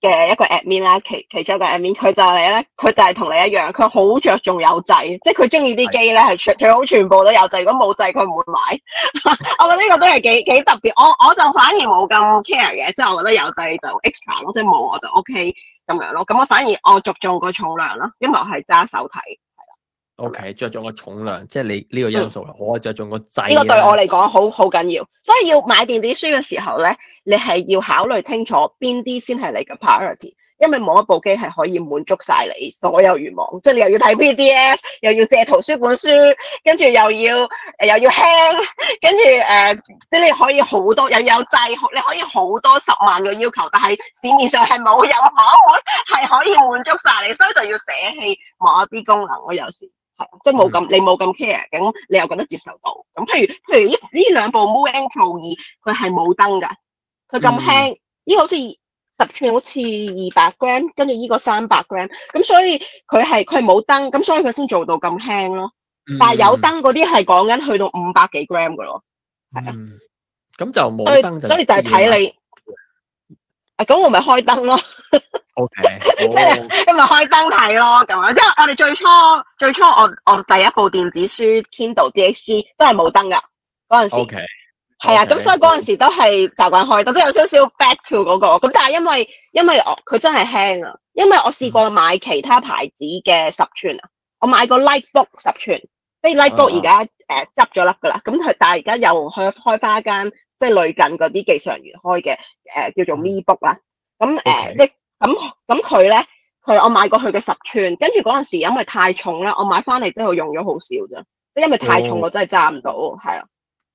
嘅一個 admin 啦，其其中一個 admin，佢就嚟咧，佢就係同你一樣，佢好着重有掣，即係佢中意啲機咧係最好全部都有掣，如果冇掣佢唔會買。 *laughs* 我覺得呢個都係幾幾特別，我我就反而冇咁 care 嘅，即係我覺得有掣就 extra 咯，即係冇我就 ok 咁樣咯。咁我反而我着重個重量咯，因為我係揸手提。OK，着重個重量，即係你呢個因素。嗯、我着重個制，啊。呢個對我嚟講好好緊要，所以要買電子書嘅時候咧，你係要考慮清楚邊啲先係你嘅 priority，因為冇一部機係可以滿足晒你所有願望，即係你又要睇 PDF，又要借圖書館書，跟住又要又要輕，跟住誒，即係你可以好多又有制，你可以好多十萬個要求，但係市面上係冇任何係可以滿足晒你，所以就要捨棄某一啲功能。我有時。即係冇咁，你冇咁 care，咁你又覺得接受到。咁譬如譬如呢呢兩部 mooInk Pro 二，佢係冇燈噶，佢咁輕，呢、嗯、個好似十寸，好似二百 gram，跟住呢個三百 gram，咁所以佢係佢係冇燈，咁所以佢先做到咁輕咯。嗯、但係有燈嗰啲係講緊去到五百幾 gram 噶咯。係啊。咁、嗯、就冇燈所，所以就係睇你。啊，咁我咪開燈咯。O K，即係你咪開燈睇咯，咁樣，即係我哋最初最初我我第一部電子書 Kindle D X G 都係冇燈噶嗰陣時，係 Okay, okay, 啊，咁所以嗰陣時都係習慣開燈，都 okay, okay. 有少少 back to 嗰、那個，咁但係因為因為我佢真係輕啊，因為我試過買其他牌子嘅十寸啊，我買、uh huh. 呃、了個 Light Book 十寸，即係 Light Book 而家誒執咗笠噶啦，咁但係而家又開開翻一間即係類近嗰啲技術員開嘅誒、呃、叫做 Me Book 啦，咁、呃、誒 Okay.、呃、即係。咁咁佢咧，佢、嗯嗯、我買過佢嘅十吋，跟住嗰陣時因為太重啦，我買翻嚟之後用咗好少咋，即係因為太重我真係揸唔到，係啊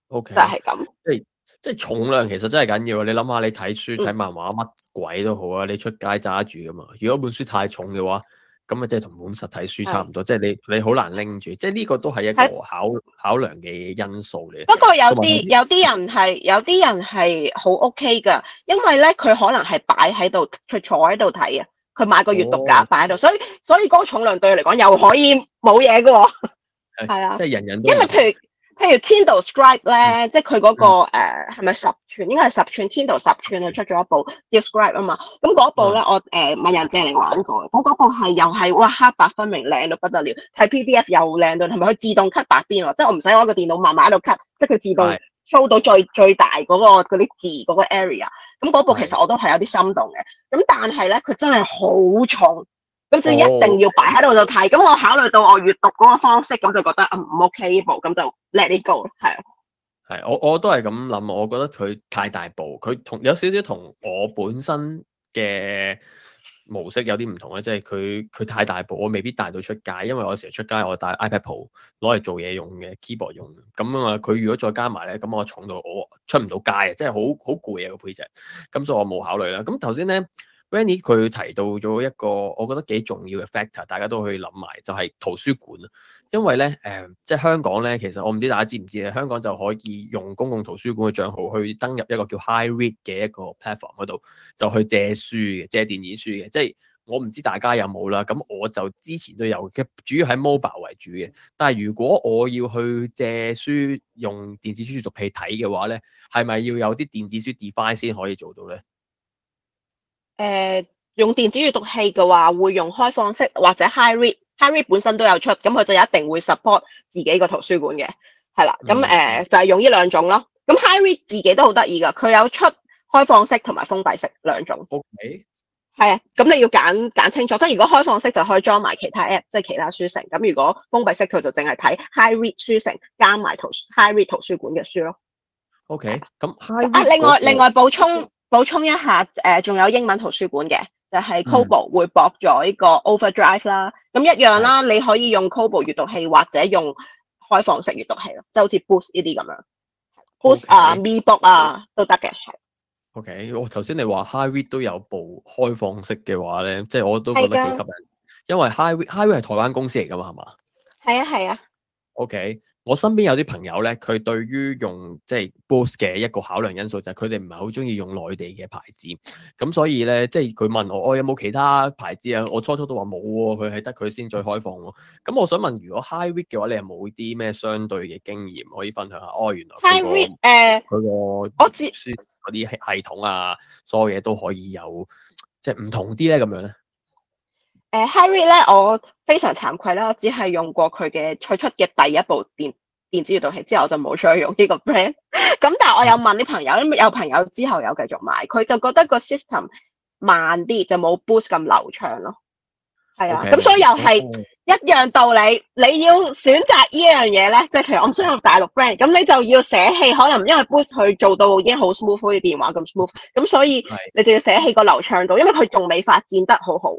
，Okay，就係咁，即係即係重量其實真係緊要，你諗下你睇書睇漫畫乜鬼都好啊，你出街揸住噶嘛，如果本書太重嘅話。咁啊，即係同本實體書差唔多，的即係你你好難拎住，即係呢個都係一個考的考量嘅因素嚟。不過有啲有啲人係有啲人係好 OK 噶，因為咧佢可能係擺喺度佢坐喺度睇啊，佢買個閱讀架擺喺度，所以所以嗰個重量對佢嚟講又可以冇嘢噶，係啊，的的即係人人都因為譬如。譬如 Kindle Scribe 咧，即係佢嗰個誒係咪十吋？應該係十吋。Kindle 十吋啊，出咗一部叫 Scribe 啊嘛。咁嗰部咧，我誒問、呃、人借嚟玩過。我嗰部係又係，哇、呃、黑白分明，靚到不得了。睇 PDF 又靚到，同埋佢自動 cut 白邊喎，即係我唔使我個電腦慢慢喺度 cut，即係佢自動 show 到最的最大嗰、嗰個啲、嗰個、字嗰、嗰個 area。咁嗰部其實我都係有啲心動嘅。咁但係咧，佢真係好重。咁就、哦、一定要擺喺度就睇，咁我考慮到我閱讀嗰個方式，咁就覺得唔 OK 噃，咁就 let it go，係。係，我我都係咁諗，我覺得佢太大部，佢同有少少同我本身嘅模式有啲唔同咧，即係佢佢太大部，我未必帶到出街，因為我成日出街我帶 iPad Pro 攞嚟做嘢用嘅 keyboard 用，咁啊佢如果再加埋咧，咁我重到我出唔到街啊，即係好好攰啊個配置，咁所以我冇考慮啦。咁頭先咧。Wenny 佢提到咗一個我覺得幾重要嘅 factor，大家都去諗埋，就係、是、圖書館啦。因為咧，誒、呃，即係香港咧，其實我唔知大家知唔知啊。香港就可以用公共圖書館嘅賬號去登入一個叫 HyRead 嘅一個 platform 嗰度，就去借書嘅，借電子書嘅。即係我唔知大家有冇啦。咁我就之前都有嘅，主要喺 mobile 為主嘅。但係如果我要去借書用電子書閱讀器睇嘅話咧，係咪要有啲電子書 device 先可以做到咧？誒、呃，用電子閱讀器嘅話，會用開放式或者 High Read，High Read 本身都有出，咁佢就一定會 support 自己個圖書館嘅，係啦。咁誒、嗯呃，就係、是、用呢兩種咯。咁 High Read 自己都好得意㗎，佢有出開放式同埋封閉式兩種。OK，係啊。咁你要揀揀清楚，即係如果開放式就可以裝埋其他 app，即係其他書城。咁如果封閉式，佢就淨係睇 High Read 書城，加埋 High Read 圖書館嘅書咯。OK，咁 High。啊，另外、那個、另外補充。補充一下，誒、呃、仲有英文圖書館嘅，就係、是、Kobo 會駁咗呢個 OverDrive 啦。咁、嗯、一樣啦，嗯、你可以用 Kobo 閱讀器或者用開放式閱讀器咯，就好似 Boox 呢啲咁樣 Boox 啊、okay, MeBook 啊 okay, 都得嘅。係、okay,。O K，我頭先你話 HyRead 都有部開放式嘅話咧，即係我都覺得幾吸引，的因為 HyRead HyRead 係台灣公司嚟噶嘛，係嘛？係啊，係啊。O K。我身邊有啲朋友咧，佢對於用即係 Boox 嘅一個考量因素就係佢哋唔係好鍾意用內地嘅牌子，咁所以咧即係佢問我，我、哎、有冇其他牌子啊？我初初都話冇喎，佢係得佢先最開放喎、啊。咁我想問，如果 Highwit 嘅話，你有冇啲咩相對嘅經驗可以分享下？哦，原來 Highwit 誒，佢個我知，嗰啲系統啊，所有嘢都可以有即係唔同啲咧，咁樣咧。誒 Harry 咧，我非常慚愧啦，我只係用過佢嘅推出嘅第一部電電子閱讀器之後，我就冇再用呢個 brand。咁 *laughs* 但係我有問啲朋友，有朋友之後有繼續買，佢就覺得個 system 慢啲，就冇 Boox 咁流暢咯。係啊，咁 Okay. 所以又係一樣道理。你要選擇呢樣嘢咧，即係譬如我唔需要用大陸 brand，咁你就要捨棄可能因為 Boox 佢做到已經好 smooth 嗰啲電話咁 smooth。咁所以你就要捨棄個流暢度，因為佢仲未發展得好好。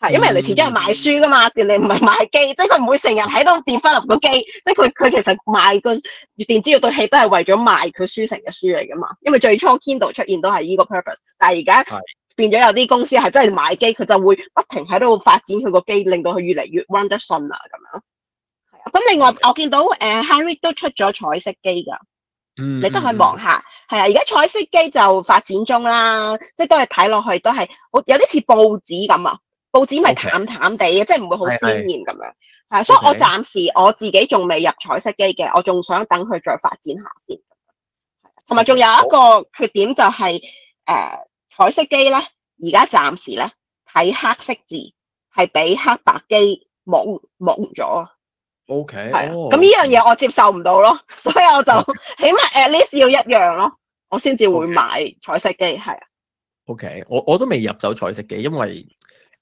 係，因為嚟自於賣書噶嘛，而你唔係賣機，即係佢唔會成日喺度 develop 個機，即係佢佢其實賣個電子閱讀器都係為咗賣佢書城嘅書嚟噶嘛。因為最初 Kindle 出現都係依個 purpose，但係而家變咗有啲公司係真係賣機，佢就會不停喺度發展佢個機，令到佢越嚟越 run 得順啊咁樣。係啊，咁另外我見到誒 Harry 都出咗彩色機㗎，你都可以望下係啊。而家、嗯嗯、彩色機就發展中啦，即係都係睇落去都係有啲似報紙咁啊。報紙咪淡淡地嘅，即係唔會好鮮艷咁樣，係，所以我暫時我自己仲未入彩色機嘅，我仲想等佢再發展下先。同埋仲有一個缺點就係，誒，彩色機咧，而家暫時咧睇黑色字係比黑白機矇矇咗。OK，係啊，咁呢樣嘢我接受唔到咯，所以我就起碼 at least 要一樣咯，我先至會買彩色機，係啊。OK，我我都未入手彩色機，因為。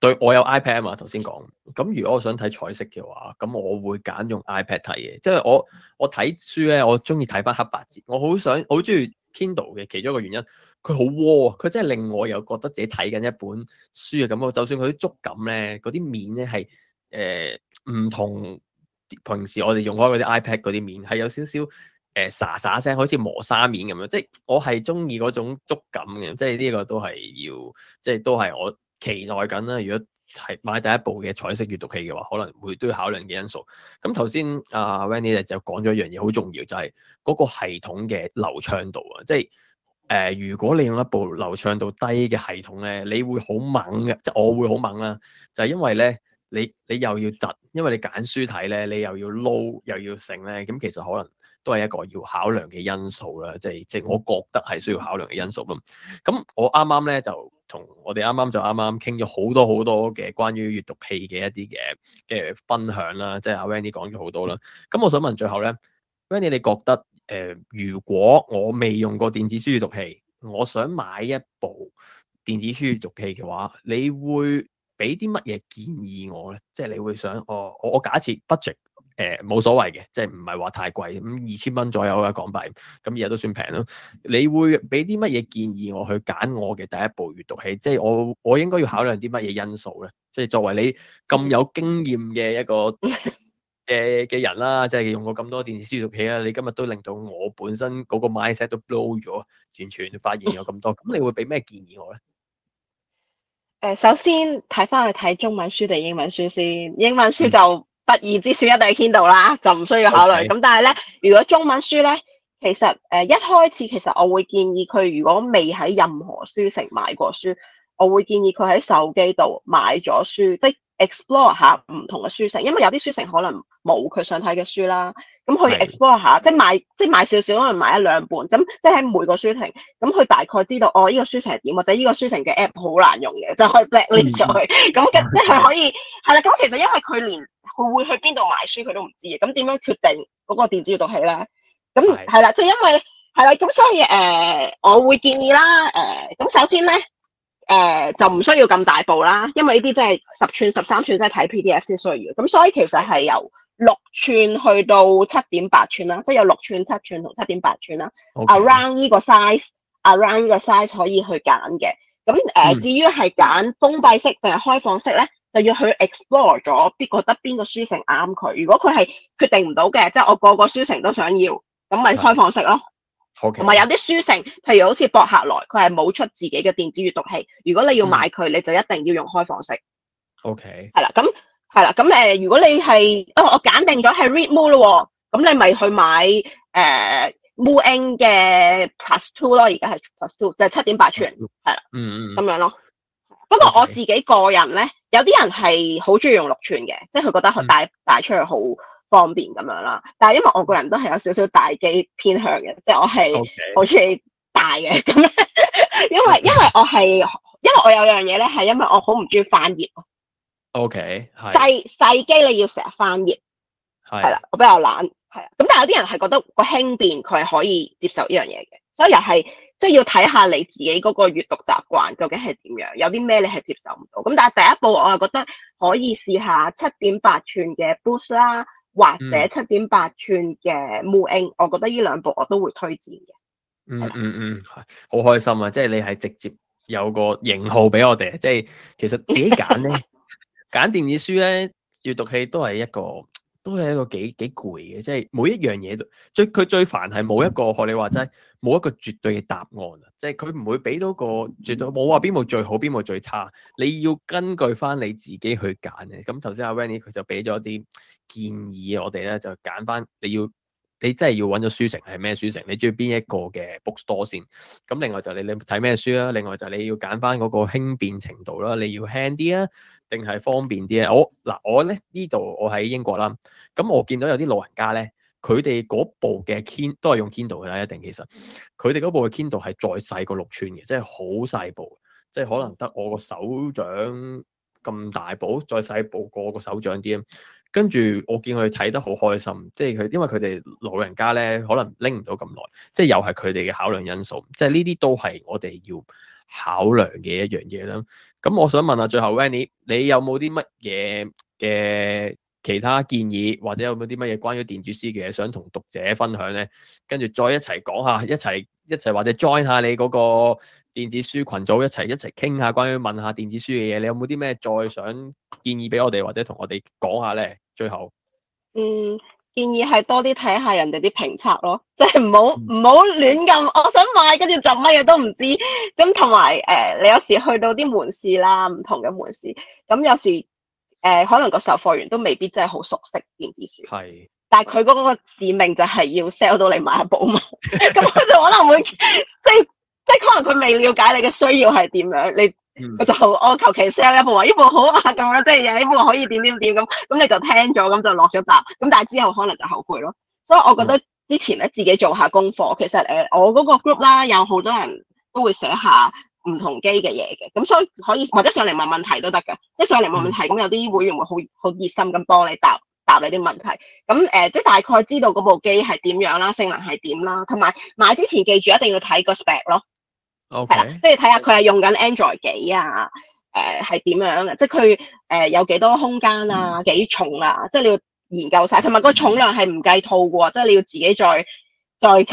對，我有 iPad 嘛，頭先講咁，如果我想睇彩色嘅話，咁我會揀用 iPad 睇嘅。即係我我睇書咧，我中意睇翻黑白字。我好想好中意 Kindle 嘅其中一個原因，佢好窩，佢真係令我又覺得自己睇緊一本書嘅感覺。咁就算佢啲觸感咧，嗰啲面咧係誒唔同平時我哋用開嗰啲 iPad 嗰啲面，係有少少誒沙沙聲，好似磨砂面咁樣。即係我係中意嗰種觸感嘅，即係呢個都係要，即係都係我。期待緊啦！如果係買第一部嘅彩色閱讀器嘅話，可能會都要考量嘅因素。咁頭先阿 Wenny 就講咗一樣嘢，好重要就係、是、嗰個系統嘅流暢度啊！即係誒，如果你用一部流暢度低嘅系統咧，你會好猛嘅，即、就、係、是、我會好猛啦。就係、是、因為咧，你你又要窒，因為你揀書睇咧，你又要撈，又要剩咧，咁其實可能。都係一個要考量嘅因素啦，即係即係我覺得係需要考量嘅因素咯。咁我啱啱咧就同我哋啱啱就啱啱傾咗好多好多嘅關於閱讀器嘅一啲嘅嘅分享啦，即係阿 Wenny 講咗好多啦。咁我想問最後咧，Wenny 你覺得誒、呃，如果我未用過電子書閱讀器，我想買一部電子書閱讀器嘅話，你會俾啲乜嘢建議我咧？即係你會想哦，我我假設 budget？誒，冇、呃、所謂嘅，即係唔係話太貴，咁二千蚊左右嘅港幣，咁日都算平咯。你會俾啲乜嘢建議我去揀我嘅第一部閱讀器？即係我我應該要考量啲乜嘢因素咧？即係作為你咁有經驗嘅一個嘅嘅、呃、人啦，即係用過咁多電子書閱讀器啦，你今日都令到我本身嗰個 mindset 都 blow 咗，完全發現咗咁多。咁、嗯、你會俾咩建議我咧？誒，首先睇翻去睇中文書定英文書先，英文書就。嗯不二之選一定喺 Kindle 度啦，就唔需要考慮。咁 Okay. 但係咧，如果中文書咧，其實誒一開始其實我會建議佢，如果未喺任何書城買過書，我會建議佢喺手機度買咗書，即係。explore 下唔同嘅書城，因為有啲書城可能冇佢想睇嘅書啦，咁去 explore 下，的即係買即係買少少，可能買一兩本，咁即係每個書城，咁佢大概知道哦，呢個書城係點，或者呢個書城嘅 app 好難用嘅，就可以 blacklist 咗佢，咁即係可以係啦。咁的其實因為佢連佢會去邊度買書佢都唔知，咁點樣決定嗰個電子閱讀器咧？咁係啦，就因為係啦，咁所以誒、呃，我會建議啦，誒、呃，咁、呃、首先咧。誒、呃、就唔需要咁大部啦，因為呢啲真係十寸、十三寸，真係睇 PDF 先需要。咁所以其實係由六寸去到七點八寸啦，即係有六寸、七寸同七點八寸啦。Okay. Around 呢個 size，Around 呢個 size 可以去揀嘅。咁誒，呃嗯、至於係揀封閉式定係開放式咧？就要去 explore 咗覺得邊個書城啱佢。如果佢係決定唔到嘅，即、就、係、是、我個個書城都想要，咁咪開放式咯。同埋 Okay. 有啲書城，譬如好似博客來，佢係冇出自己嘅電子閱讀器。如果你要買佢，嗯、你就一定要用開放式。O K. 係啦，咁係啦，咁誒，如果你係，啊、哦，我揀定咗係 Readmoo、呃、咯，咁你咪去買誒 mooInk 嘅 Plus Two 咯，而家係 Plus Two 就七點八寸，係啦、嗯，的嗯、咁、嗯、樣咯。不過 Okay. 我自己個人咧，有啲人係好中意用六寸嘅，即係佢覺得佢帶帶出去好方便咁樣啦，但係因為我個人都係有少少大機偏向嘅，即係我係好中意大嘅，咁 Okay. 因為 Okay. 因為我係因為我有樣嘢咧，係因為我好唔中意翻頁 OK，細細機你要成日翻頁係啦，我比較懶係啊。咁但係有啲人係覺得個輕便佢係可以接受呢樣嘢嘅，所以又係即係要睇下你自己嗰個閱讀習慣究竟係點樣，有啲咩你係接受唔到。咁但係第一步我又覺得可以試下七點八寸嘅 Boox 啦。或者七點八寸嘅 mooInk 我覺得呢兩部我都會推薦嘅，嗯。嗯嗯嗯，好開心啊！即係你係直接有個型號俾我哋，即係其實自己揀咧，揀電子書咧，閱讀器都係一個。都係一個幾幾攰嘅，即係每一樣嘢，最佢最煩係冇一個學你話齋，冇一個絕對嘅答案啊！即係佢唔會俾到個絕對，冇話邊部最好，邊部最差，你要根據翻你自己去揀嘅。咁頭先阿 r e n d y 佢就俾咗啲建議我呢，我哋咧就揀翻你要。你真係要揾咗書城係咩書城？你中意邊一個嘅 bookstore 先？咁另外就你你睇咩書啦？另外就，你，另外就你要揀翻嗰個輕便程度啦，你要輕啲啊，定係方便啲啊？哦、我嗱我咧呢度我喺英國啦，咁我見到有啲老人家咧，佢哋嗰部嘅 Kind 都係用 Kindle 嘅啦，一定其實佢哋嗰部嘅 Kindle 係再細過六寸嘅，即係好細部，即係可能得我個手掌咁大部，再細部過我個手掌啲。跟住我見佢睇得好開心，即係佢，因為佢哋老人家咧，可能拎唔到咁耐，即係又係佢哋嘅考量因素，即係呢啲都係我哋要考量嘅一樣嘢啦。咁、嗯、我想問下最後 Wenny，你有冇啲乜嘢嘅？其他建議或者有冇啲乜嘢關於電子書嘅嘢想同讀者分享咧，跟住再一齊講下，一齊一齊或者 join 下你嗰個電子書群組，一齊一齊傾下關於問下電子書嘅嘢。你有冇啲咩再想建議俾我哋，或者同我哋講下咧？最後，嗯，建議係多啲睇下人哋啲評測咯，即係唔好唔好亂撳。嗯、亂我想買，跟住就乜嘢都唔知。咁同埋誒，你有時去到啲門市啦，唔同嘅門市，咁、嗯、有時。誒、呃，可能個售貨員都未必真係好熟悉電子產品，是但係佢嗰個使命就係要 sell 到你買部嘛，咁佢就可能會即係即係可能佢未了解你嘅需要係點樣，你，我就我求其 sell 一部話呢部好啊咁樣，即係又呢部可以點點點咁，咁你就聽咗咁就落咗單。咁但係之後可能就後悔咯，所以我覺得之前咧自己做下功課，其實誒、呃、我嗰個 group 啦，有好多人都會寫下。寫下寫下寫寫寫寫唔同機嘅嘢嘅，咁所以可以或者上嚟問問題都得㗎，即係上嚟問問題，咁有啲會員會好好熱心咁幫你答答你啲問題，咁誒、呃，即係大概知道嗰部機係點樣啦，性能係點啦，同埋買之前記住一定要睇個 spec 咯，係啦 Okay.，即係睇下佢係用緊 Android 幾啊，誒係點樣嘅，即係佢誒有幾多空間啊，幾重啊，mm. 即係你要研究晒，同埋個重量係唔計套㗎，即係你要自己再再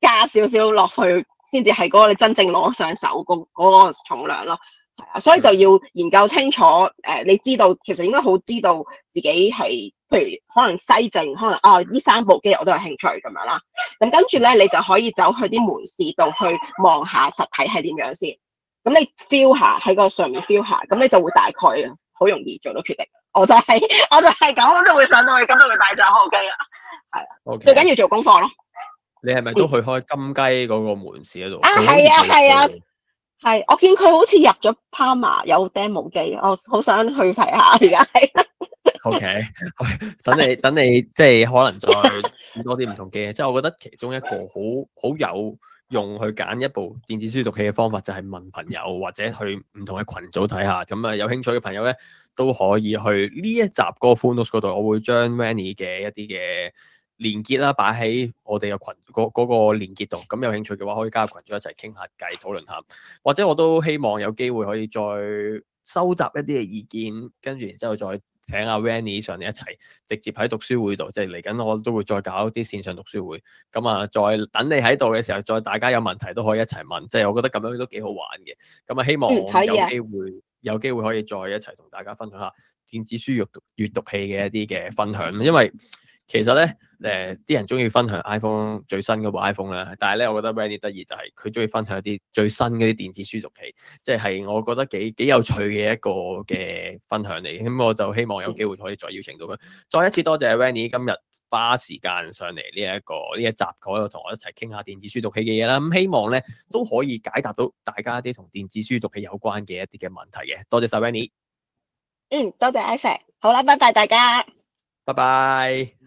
加少少落去。先至係嗰個你真正攞上手嗰個重量咯，係啊，所以就要研究清楚誒、呃，你知道其實應該好知道自己係，譬如可能西正，可能啊呢、哦、三部機我都有興趣咁樣啦。咁跟住咧，你就可以走去啲門市度去望下實體係點樣先。咁你 feel 下喺個上面 feel 下，咁你就會大概好容易做到決定。我就係、係、我就係咁，我都會上到去揀到佢大隻好機啦。係啊，Okay. 最緊要做功課咯。你係咪都去開金雞嗰個門市嗰度啊？係啊，係啊，係、啊。我見佢好似入咗 Palma 有 d demo 機，我好想去睇下。而家係。O Okay , K， *laughs* 等你等你，即係可能再多啲唔同嘅嘢。即係 *laughs* 我覺得其中一個好好有用去揀一部電子書讀器嘅方法，就係、是、問朋友或者去唔同嘅群組睇下。咁啊，有興趣嘅朋友咧都可以去呢一集嗰個 f i n n l s 嗰度，我會將 Wenny 嘅一啲嘅。連結啦，擺喺我哋嘅群嗰個連結度。咁有興趣嘅話，可以加入羣組一齊傾下偈、討論下。或者我都希望有機會可以再收集一啲嘅意見，跟住然之後再請阿 Wenny 上嚟一齊，直接喺讀書會度，即係嚟緊我都會再搞啲線上讀書會。咁啊，再等你喺度嘅時候，再大家有問題都可以一齊問。即係我覺得咁樣都幾好玩嘅。咁啊，希望我有機會、嗯啊、有機會可以再一齊同大家分享下電子書閱讀閲讀器嘅一啲嘅分享，因為。其實咧，誒、呃，啲人中意分享 iPhone 最新嘅部 iPhone 啦，但係咧，我覺得 Wenny 得意就係佢中意分享一啲最新嗰啲電子書讀器，即、就、係、是、我覺得幾幾有趣嘅一個嘅分享嚟。咁、嗯、我就希望有機會可以再邀請到佢，再一次多謝 Wenny 今日花時間上嚟呢一個呢一集，可以同我一齊傾下電子書讀器嘅嘢啦。咁、嗯、希望咧都可以解答到大家啲同電子書讀器有關嘅一啲嘅問題嘅。多謝晒 Wenny。嗯，多謝 Iset。好啦，拜拜大家。拜拜。